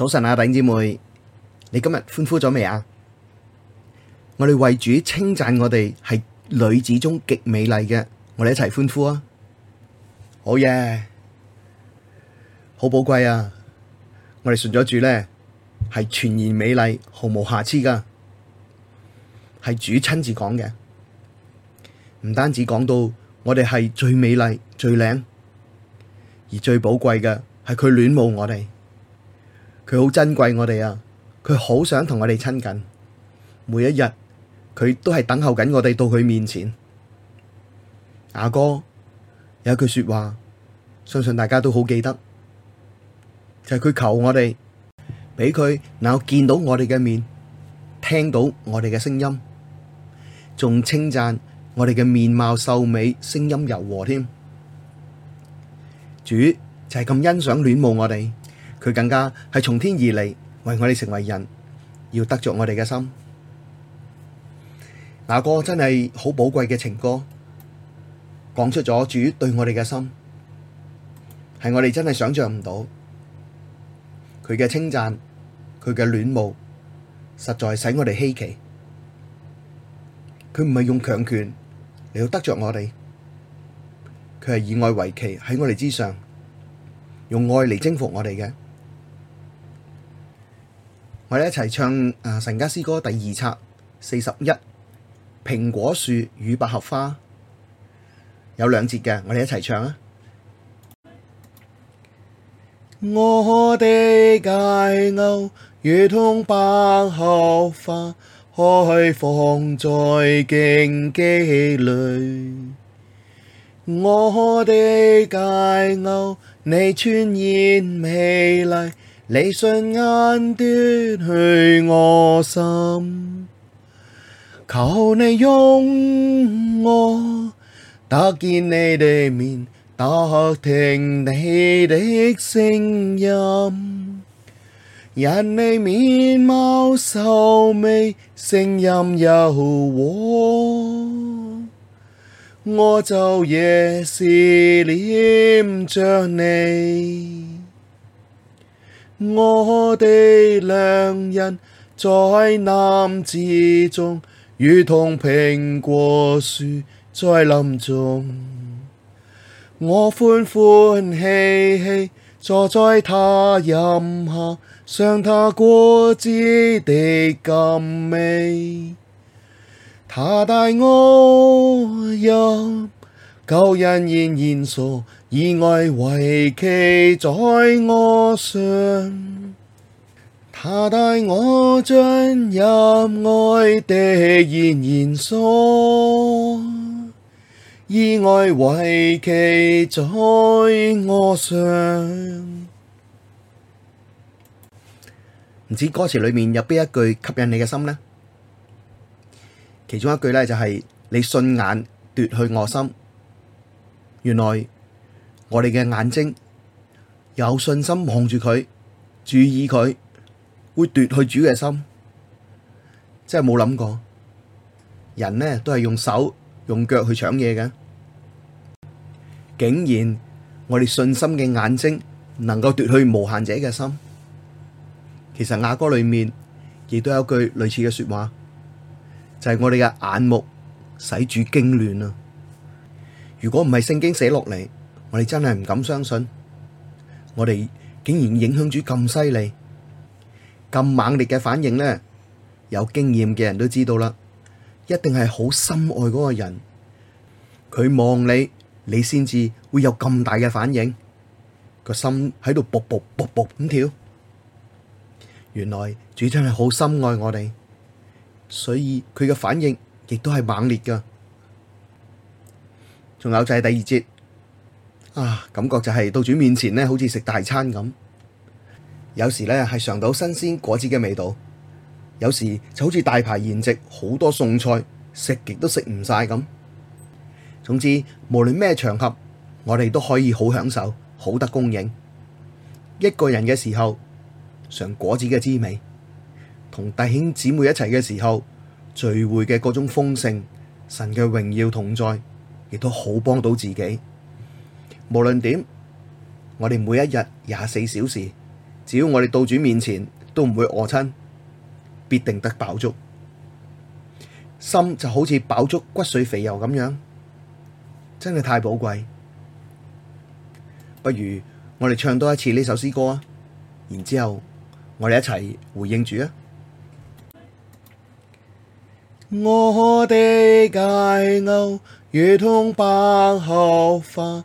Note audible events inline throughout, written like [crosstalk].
早晨啊，弟兄姊妹，你今日歡呼咗未啊？我哋為主稱讚我哋係女子中極美麗嘅，我哋一齊歡呼啊！好嘢，好寶貴啊！我哋順咗住呢，係全然美麗，毫無瑕疵噶，係主親自講嘅。唔單止講到我哋係最美麗、最靚，而最寶貴嘅係佢戀慕我哋。佢好珍貴我哋啊！佢好想同我哋親近，每一日佢都係等候緊我哋到佢面前。雅歌有一句說話，相信大家都好記得，就係佢求我哋俾佢能夠見到我哋嘅面，聽到我哋嘅聲音，仲稱讚我哋嘅面貌秀美，聲音柔和添。主就係咁欣賞、戀慕我哋。佢更加係從天而嚟，為我哋成為人，要得着我哋嘅心。那個真係好寶貴嘅情歌，講出咗主對我哋嘅心，係我哋真係想象唔到。佢嘅稱讚，佢嘅戀慕，實在使我哋稀奇。佢唔係用強權嚟到得着我哋，佢係以愛為旗喺我哋之上，用愛嚟征服我哋嘅。我哋一齊唱《啊神家詩歌》第二冊四十一《41，蘋果樹與百合花》，有兩節嘅，我哋一齊唱啊！我的佳偶如同百合花開放在荊棘裡，我的佳偶你全然美麗。你雙眼奪去我心，求你容我，得見你的面，得聽你的聲音。因你面貌秀美，聲音柔和，我晝夜思念着你。我的良人在男子中，如同蘋果樹在林中。我歡歡喜喜坐在他蔭下，嘗他果子的甘美。他帶我入救恩筵宴所。以愛為旗，在我上，他帶我進入愛的筵宴所，以愛為旗，在我上。唔知歌詞裏面有邊一句吸引你嘅心呢？其中一句呢、就是，就係你信眼奪去我心，原來。我哋嘅眼睛有信心望住佢，注意佢，會奪去主嘅心，真係冇諗過。人呢都係用手、用腳去搶嘢嘅，竟然我哋信心嘅眼睛能夠奪去無限者嘅心。其實雅歌裏面亦都有一句類似嘅說話，就係、是、我哋嘅眼目使主驚亂啊！如果唔係聖經寫落嚟，我哋真係唔敢相信，我哋竟然影響住咁犀利、咁猛烈嘅反應呢。有經驗嘅人都知道啦，一定係好深愛嗰個人，佢望你，你先至會有咁大嘅反應，個心喺度卜噗噗噗咁跳。原來主真係好深愛我哋，所以佢嘅反應亦都係猛烈噶。仲有就係第二節。啊，感覺就係、是、到主面前呢，好似食大餐咁。有時呢，係嘗到新鮮果子嘅味道，有時就好似大排筵席，好多餸菜，食極都食唔晒咁。總之，無論咩場合，我哋都可以好享受，好得供應。一個人嘅時候，嘗果子嘅滋味；同弟兄姊妹一齊嘅時候，聚會嘅各種豐盛，神嘅榮耀同在，亦都好幫到自己。無論點，我哋每一日廿四小時，只要我哋到主面前都唔會餓親，必定得飽足。心就好似飽足骨髓肥油咁樣，真係太寶貴。不如我哋唱多一次呢首詩歌啊！然之後我哋一齊回應住啊！我的佳偶如同百合花。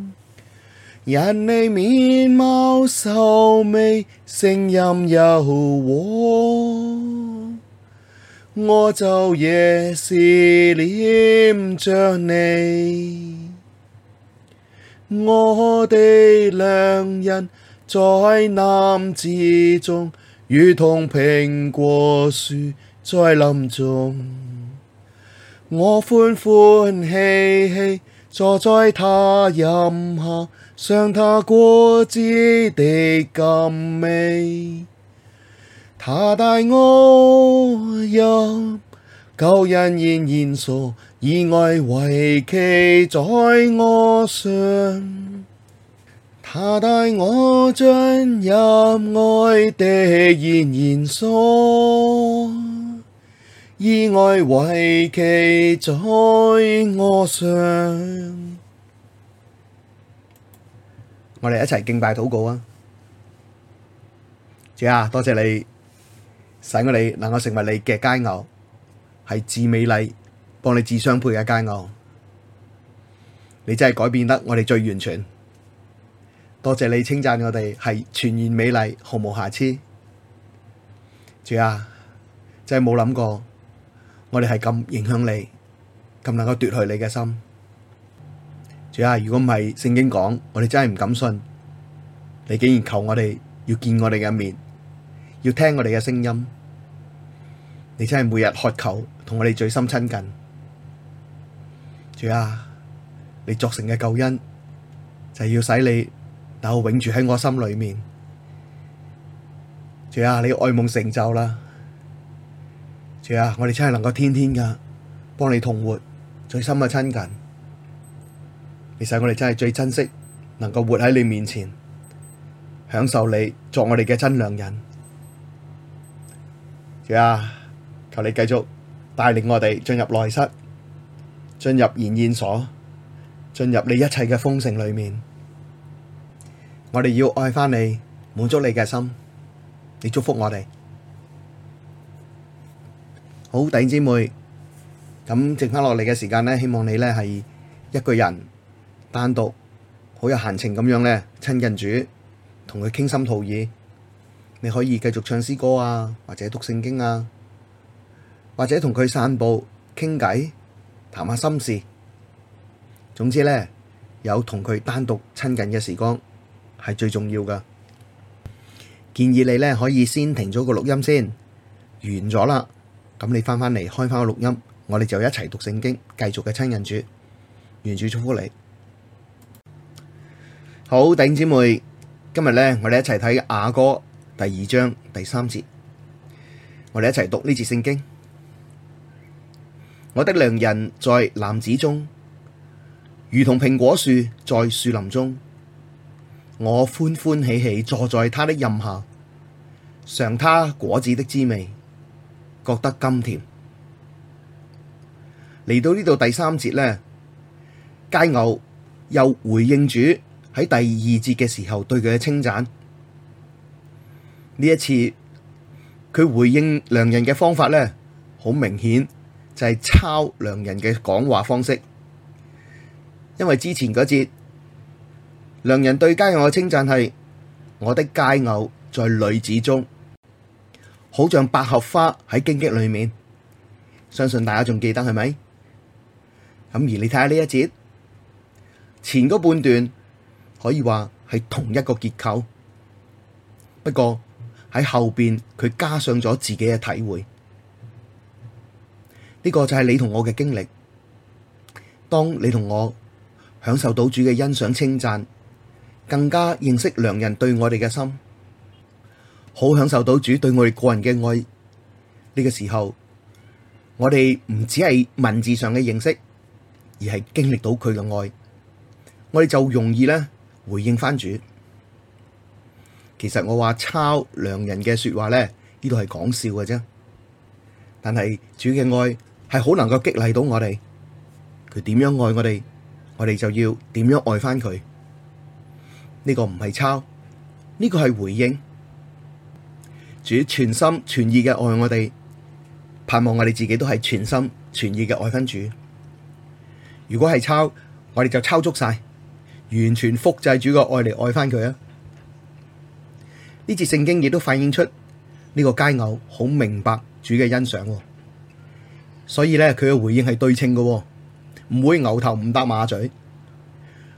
因你面貌秀美，聲音柔和，我就夜思念著你。我的良人在男子中，如同蘋果樹在林中，我歡歡喜喜。坐在他蔭下，嘗他果子的甘美。他帶我入救恩筵宴所，以愛為旗在我上。他帶我進入愛的筵宴所。以愛為旗在我上， [noise] 我哋一齊敬拜禱告啊！主啊，多謝你使我哋能夠成為你嘅佳偶，係至美麗，幫你至相配嘅佳偶。你真係改變得我哋最完全，多謝你稱讚我哋係全然美麗，毫無瑕疵。主啊，真係冇諗過。我哋係咁影響你，咁能夠奪去你嘅心。主啊，如果唔係聖經講，我哋真係唔敢信。你竟然求我哋要見我哋嘅面，要聽我哋嘅聲音，你真係每日渴求同我哋最深親近。主啊，你作成嘅救恩，就係要使你留永住喺我心裏面。主啊，你愛夢成就啦。主啊，我哋真係能夠天天噶幫你同活，最深嘅親近。其實我哋真係最珍惜，能夠活喺你面前，享受你作我哋嘅真良人。主啊，求你繼續帶領我哋進入內室，進入筵宴所，進入你一切嘅豐盛裏面。我哋要愛翻你，滿足你嘅心。你祝福我哋。好弟姐妹，咁剩翻落嚟嘅時間呢，希望你呢係一個人單獨，好有閒情咁樣呢，親近主，同佢傾心吐意。你可以繼續唱詩歌啊，或者讀聖經啊，或者同佢散步傾偈，談下心事。總之呢，有同佢單獨親近嘅時光係最重要嘅。建議你呢，可以先停咗個錄音先，完咗啦。咁你翻返嚟開翻個錄音，我哋就一齊讀聖經，繼續嘅親人主，願主祝福你。好弟兄姊妹，今日咧我哋一齊睇雅歌第二章第三節，我哋一齊讀呢節聖經。我的良人在男子中，如同蘋果樹在樹林中，我歡歡喜喜坐在他的蔭下，嘗他果子的滋味。覺得甘甜。嚟到呢度第三節呢，佳偶又回應主喺第二節嘅時候對佢嘅稱讚。呢一次佢回應良人嘅方法呢，好明顯就係抄良人嘅講話方式。因為之前嗰節良人對佳偶嘅稱讚係，我的佳偶在女子中。好像百合花喺荊棘裏面，相信大家仲記得係咪？咁而你睇下呢一節，前嗰半段可以話係同一個結構，不過喺後邊佢加上咗自己嘅體會。呢個就係你同我嘅經歷。當你同我享受到主嘅欣賞稱讚，更加認識良人對我哋嘅心。好享受到主對我哋個人嘅愛，呢個時候我哋唔只係文字上嘅認識，而係經歷到佢嘅愛，我哋就容易咧回應翻主。其實我話抄良人嘅說話咧，呢度係講笑嘅啫，但係主嘅愛係好能夠激勵到我哋，佢點樣愛我哋，我哋就要點樣愛翻佢。呢個唔係抄，呢個係回應。主全心全意嘅愛我哋，盼望我哋自己都係全心全意嘅愛分主。如果係抄，我哋就抄足晒，完全複製主嘅愛嚟愛翻佢啊！呢節聖經亦都反映出呢個佳偶好明白主嘅欣賞，所以咧佢嘅回應係對稱嘅，唔會牛頭唔搭馬嘴。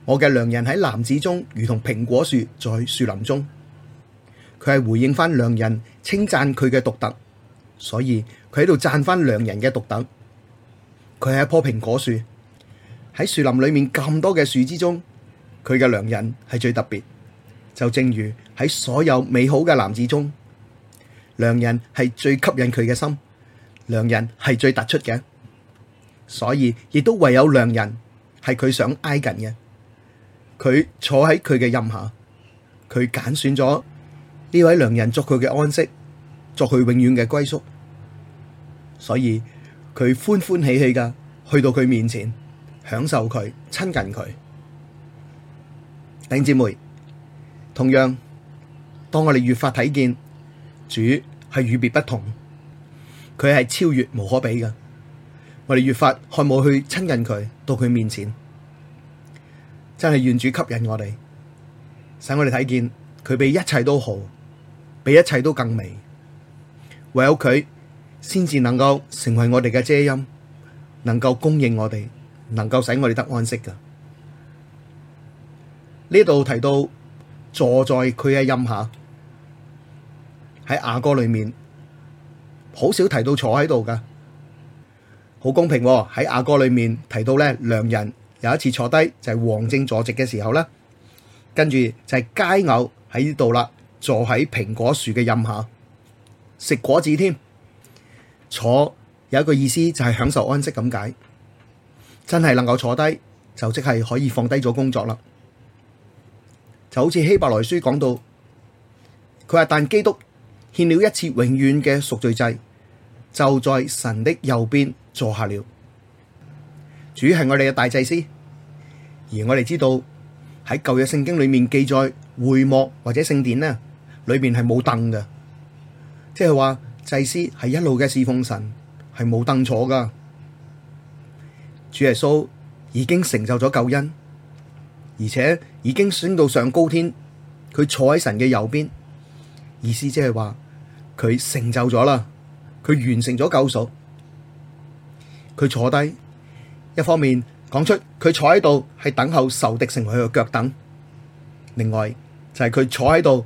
我嘅良人喺男子中，如同蘋果樹在樹林中。佢係回應翻良人，稱讚佢嘅獨特，所以佢喺度讚翻良人嘅獨特。佢係一棵蘋果樹，喺樹林裏面咁多嘅樹之中，佢嘅良人係最特別。就正如喺所有美好嘅男子中，良人係最吸引佢嘅心，良人係最突出嘅，所以亦都唯有良人係佢想挨近嘅。佢坐喺佢嘅蔭下，佢揀選咗。呢位良人作佢嘅安息，作佢永遠嘅歸宿，所以佢歡歡喜喜㗎去到佢面前，享受佢親近佢。弟兄姊妹，同樣當我哋越發睇見主係與別不同，佢係超越無可比㗎，我哋越發渴望去親近佢，到佢面前，真係願主吸引我哋，使我哋睇見佢比一切都好，比一切都更美，唯有佢先至能夠成為我哋嘅遮陰，能夠供應我哋，能夠使我哋得安息嘅。呢度提到坐在佢嘅蔭下，喺雅歌裏面，好少提到坐喺度噶，好公平喎、哦。喺雅歌裏面提到咧，良人有一次坐低就係、是、王正坐席嘅時候咧，跟住就係佳偶喺呢度啦。坐喺蘋果樹嘅蔭下，食果子添。坐有一個意思就係享受安息咁解。真係能夠坐低，就即係可以放低咗工作啦。就好似希伯來書講到，佢話但基督獻了一次永遠嘅贖罪祭，就在神的右邊坐下了。主係我哋嘅大祭司，而我哋知道喺舊約聖經裡面記載會幕或者聖殿呢，裏面係冇凳嘅，即係話祭司係一路嘅侍奉神，係冇凳坐㗎。主耶穌已經成就咗救恩，而且已經升到上高天，佢坐喺神嘅右邊，意思即係話佢成就咗啦，佢完成咗救贖，佢坐低。一方面講出佢坐喺度係等候仇敵成為佢嘅腳凳，另外就係、是、佢坐喺度。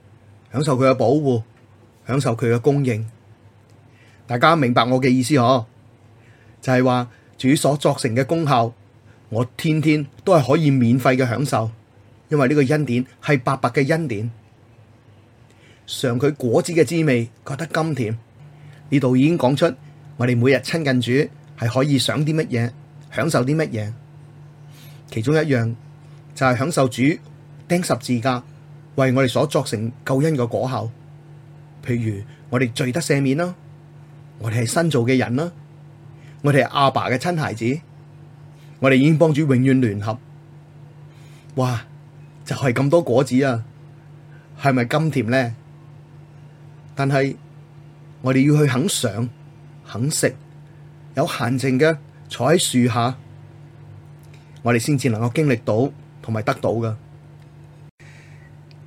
享受佢嘅保護，享受佢嘅供應，大家明白我嘅意思嗬？就係話主所作成嘅功效，我天天都係可以免費嘅享受，因為呢個恩典係白白嘅恩典。嘗佢果子嘅滋味，覺得甘甜。呢度已經講出，我哋每日親近主係可以想啲乜嘢，享受啲乜嘢？其中一樣就係享受主釘十字架。為我哋所作成救恩嘅果效，譬如我哋罪得赦免啦，我哋係新造嘅人啦，我哋係阿爸嘅親孩子，我哋已經幫主永遠聯合。哇！就係、是、咁多果子啊，係咪咁甜呢？但係我哋要去肯嘗、肯食，有閒情嘅坐喺樹下，我哋先至能夠經歷到同埋得到噶。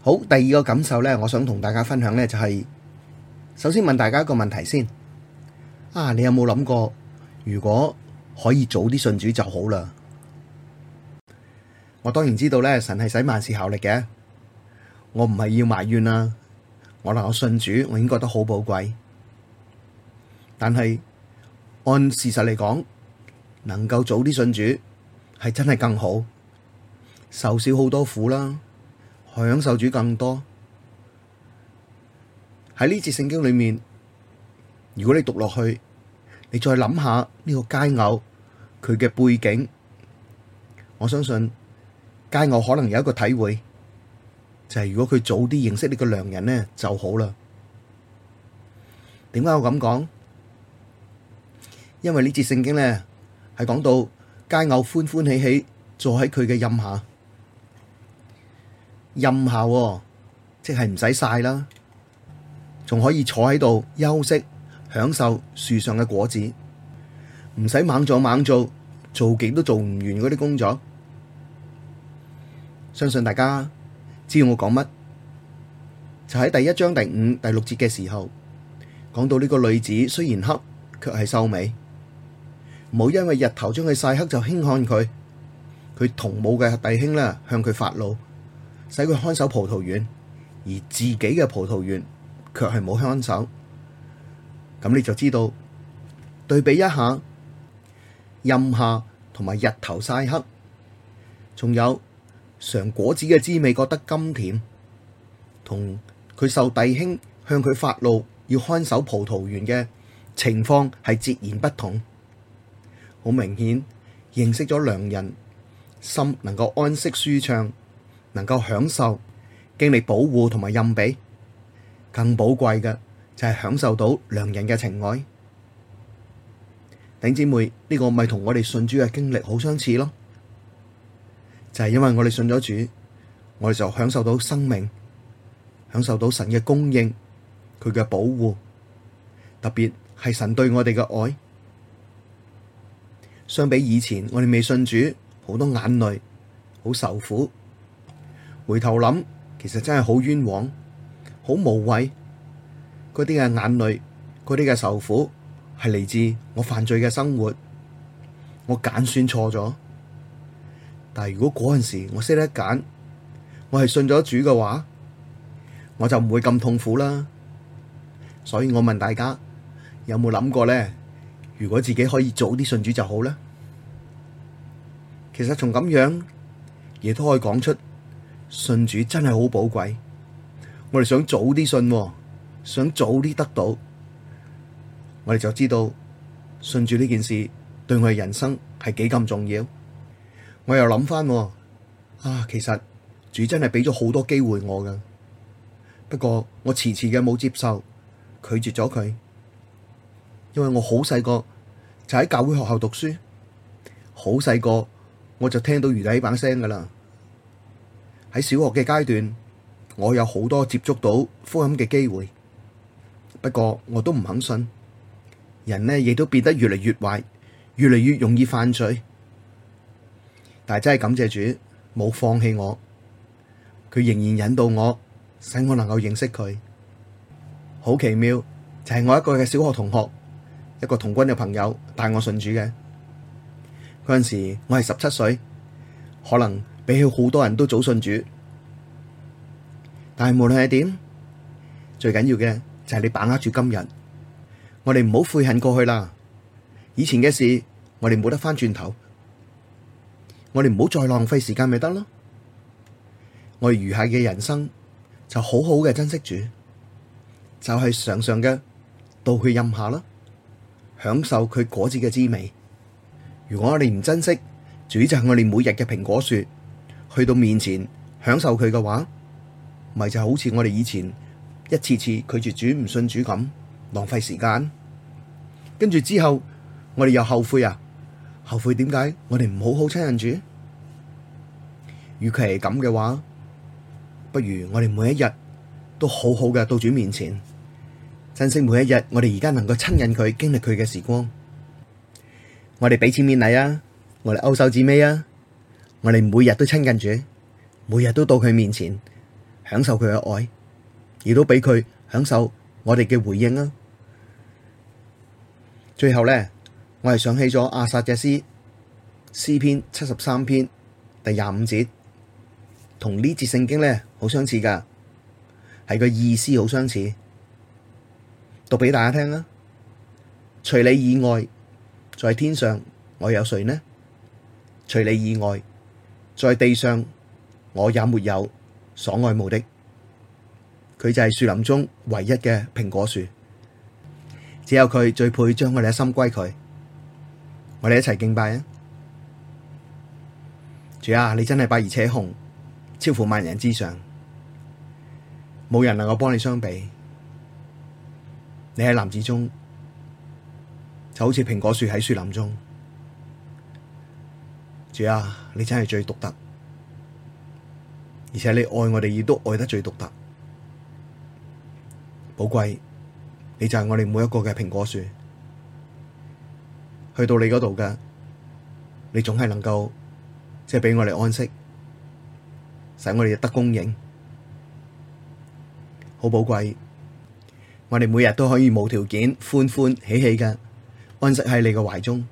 好，第二個感受咧，我想同大家分享咧，就係首先問大家一個問題先。啊，你有冇諗過，如果可以早啲信主就好啦？我當然知道咧，神係使萬事效力嘅。我唔係要埋怨啊，我嗱我信主，我已經覺得好寶貴。但係按事實嚟講，能夠早啲信主係真係更好，受少好多苦啦。享受主更多。喺呢節聖經裏面，如果你讀落去，你再諗下呢個佳偶佢嘅背景，我相信佳偶可能有一個體會，就係、是、如果佢早啲認識呢個良人呢就好啦。點解我咁講？因為呢節聖經呢係講到佳偶歡歡喜喜坐喺佢嘅蔭下。蔭下，即係唔使曬啦，仲可以坐喺度休息，享受樹上嘅果子，唔使猛做猛做，做極都做唔完嗰啲工作。相信大家知道我講乜，就喺第一章第五、第六節嘅時候，講到呢個女子雖然黑，卻係秀美，唔好因為日頭將佢曬黑就輕看佢。佢同母嘅弟兄呢，向佢發怒。使佢看守葡萄園，而自己嘅葡萄園卻係冇看守。咁你就知道，對比一下蔭下同埋日頭曬黑，仲有嘗果子嘅滋味，覺得甘甜，同佢受弟兄向佢發怒要看守葡萄園嘅情況係截然不同。好明顯，認識咗良人，心能夠安息舒暢。能夠享受經歷保護同埋蔭庇更寶貴嘅就係、是、享受到良人嘅情愛頂姊妹呢、這個咪同我哋信主嘅經歷好相似咯，就係、是、因為我哋信咗主，我哋就享受到生命，享受到神嘅供應，佢嘅保護，特別係神對我哋嘅愛。相比以前，我哋未信主好多眼淚，好受苦。回頭諗，其實真係好冤枉，好無謂。嗰啲嘅眼淚，嗰啲嘅仇苦，係嚟自我犯罪嘅生活。我揀算錯咗，但係如果嗰陣時我識得揀，我係信咗主嘅話，我就唔會咁痛苦啦。所以我問大家，有冇諗過呢？如果自己可以早啲信主就好啦。其實從咁樣，亦都可以講出。信主真係好寶貴，我哋想早啲信，想早啲得到，我哋就知道信主呢件事對我嘅人生係幾咁重要。我又諗翻啊，其實主真係俾咗好多機會我嘅，不過我遲遲嘅冇接受，拒絕咗佢，因為我好細個就喺教會學校讀書，好細個我就聽到耶穌呢把聲噶啦。喺小學嘅階段，我有好多接觸到福音嘅機會，不過我都唔肯信。人呢亦都變得越嚟越壞，越嚟越容易犯罪。但係真係感謝主，冇放棄我，佢仍然引導我，使我能夠認識佢。好奇妙，就係、是、我一個嘅小學同學，一個同軍嘅朋友帶我信主嘅。嗰陣時我係十七歲，可能。比起好多人都早信主，但係無論係點，最緊要嘅就係你把握住今日，我哋唔好悔恨過去啦，以前嘅事我哋冇得翻轉頭，我哋唔好再浪費時間咪得咯。我哋餘下嘅人生就好好嘅珍惜主，就係常常嘅到佢蔭下啦，享受佢果子嘅滋味。如果我哋唔珍惜，主就係我哋每日嘅蘋果樹。去到面前享受佢嘅話，咪就好似我哋以前一次次拒絕主唔信主咁，浪費時間。跟住之後我哋又後悔啊，後悔點解我哋唔好好親人主？與其係咁嘅話，不如我哋每一日都好好嘅到主面前，珍惜每一日我哋而家能夠親近佢、經歷佢嘅時光。我哋俾錢面禮啊，我哋歐手指尾啊！我哋每日都親近主，每日都到佢面前享受佢嘅愛，亦都俾佢享受我哋嘅回應啊！最後咧，我係想起咗亞薩嘅詩，詩篇七十三篇第廿五節，同呢節聖經咧好相似噶，係個意思好相似。讀俾大家聽啦，除你以外，在天上我有誰呢？除你以外。在地上，我也沒有所愛慕的，佢就係樹林中唯一嘅蘋果樹，只有佢最配將我哋嘅心歸佢，我哋一齊敬拜啊！主啊，你真係白而且紅，超乎萬人之上，冇人能夠幫你相比，你喺男子中就好似蘋果樹喺樹林中。主啊，你真係最獨特，而且你愛我哋，亦都愛得最獨特寶貴。你就係我哋每一個嘅蘋果樹，去到你嗰度嘅，你總係能夠即係俾我哋安息，使我哋得供應，好寶貴。我哋每日都可以無條件歡歡喜喜嘅安息喺你嘅懷中，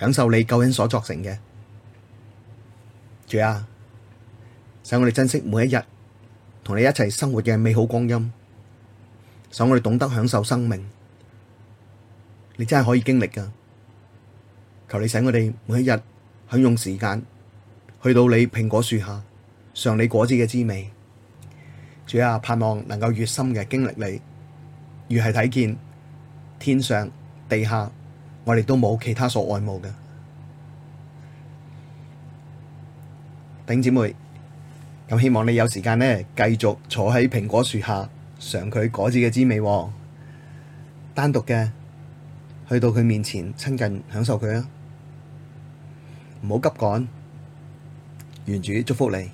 享受你救恩所作成嘅。主啊，使我哋珍惜每一日同你一齊生活嘅美好光陰，使我哋懂得享受生命。你真係可以經歷噶，求你使我哋每一日享用時間去到你蘋果樹下嘗你果子嘅滋味。主啊，盼望能夠越深嘅經歷你，越係睇見天上地下，我哋都冇其他所愛慕嘅。頂姐妹，咁希望你有時間呢，繼續坐喺蘋果樹下嘗佢果子嘅滋味，單獨嘅去到佢面前親近享受佢啊！唔好急趕，願主祝福你。